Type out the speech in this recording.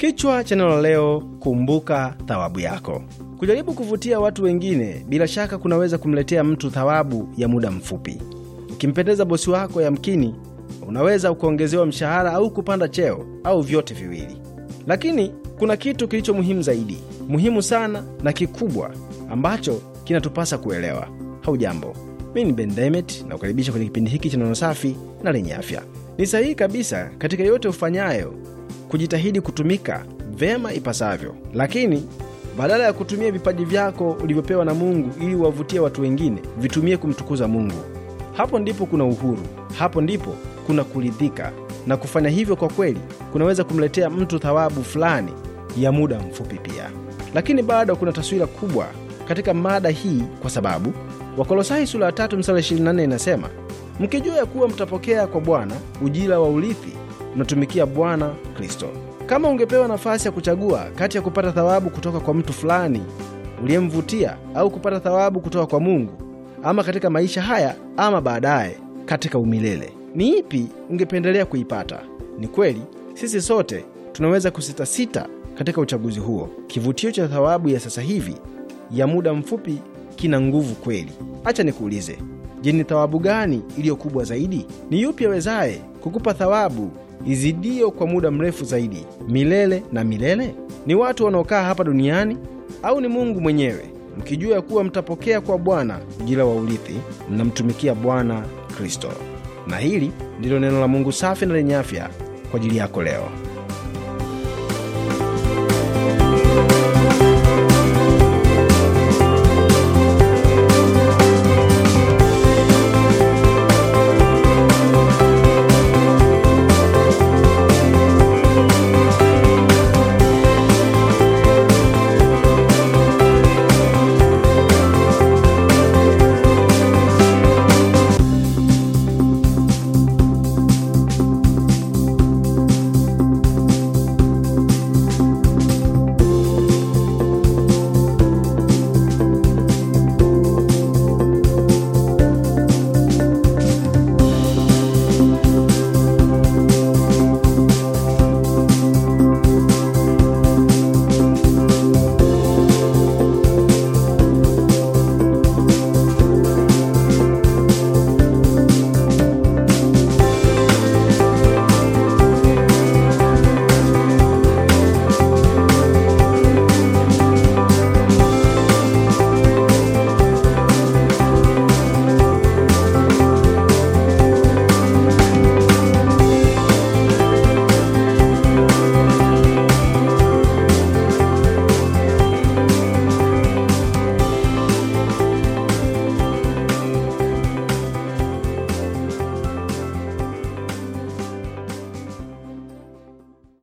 Kichwa cha neno leo, kumbuka thawabu yako. Kujaribu kuvutia watu wengine bila shaka kunaweza kumletea mtu thawabu ya muda mfupi. Ukimpendeza bosi wako, yamkini unaweza kuongezewa mshahara au kupanda cheo au vyote viwili, lakini kuna kitu kilicho muhimu zaidi, muhimu sana na kikubwa ambacho kinatupasa kuelewa. Haujambo, mimi ni Ben Demet na kukaribisha kwenye kipindi hiki cha neno safi na lenye afya. Ni sahihi kabisa katika yote ufanyayo kujitahidi kutumika vema ipasavyo. Lakini badala ya kutumia vipaji vyako ulivyopewa na Mungu ili wavutie watu wengine, vitumie kumtukuza Mungu. Hapo ndipo kuna uhuru, hapo ndipo kuna kuridhika, na kufanya hivyo kwa kweli kunaweza kumletea mtu thawabu fulani ya muda mfupi pia. Lakini bado kuna taswira kubwa katika mada hii, kwa sababu Wakolosai sula 3 24 inasema, mkijua ya kuwa mtapokea kwa Bwana ujira wa urithi unatumikia Bwana Kristo. Kama ungepewa nafasi ya kuchagua kati ya kupata thawabu kutoka kwa mtu fulani uliyemvutia au kupata thawabu kutoka kwa Mungu, ama katika maisha haya ama baadaye katika umilele, ni ipi ungependelea kuipata? Ni kweli sisi sote tunaweza kusitasita katika uchaguzi huo. Kivutio cha thawabu ya sasa hivi ya muda mfupi kina nguvu kweli? Acha nikuulize, je, ni thawabu gani iliyo kubwa zaidi? Ni yupi awezaye kukupa thawabu izidio kwa muda mrefu zaidi, milele na milele? Ni watu wanaokaa hapa duniani au ni Mungu mwenyewe? Mkijua ya kuwa mtapokea kwa Bwana ujira wa urithi, mnamtumikia Bwana Kristo. Na hili ndilo neno la Mungu safi na lenye afya kwa ajili yako leo.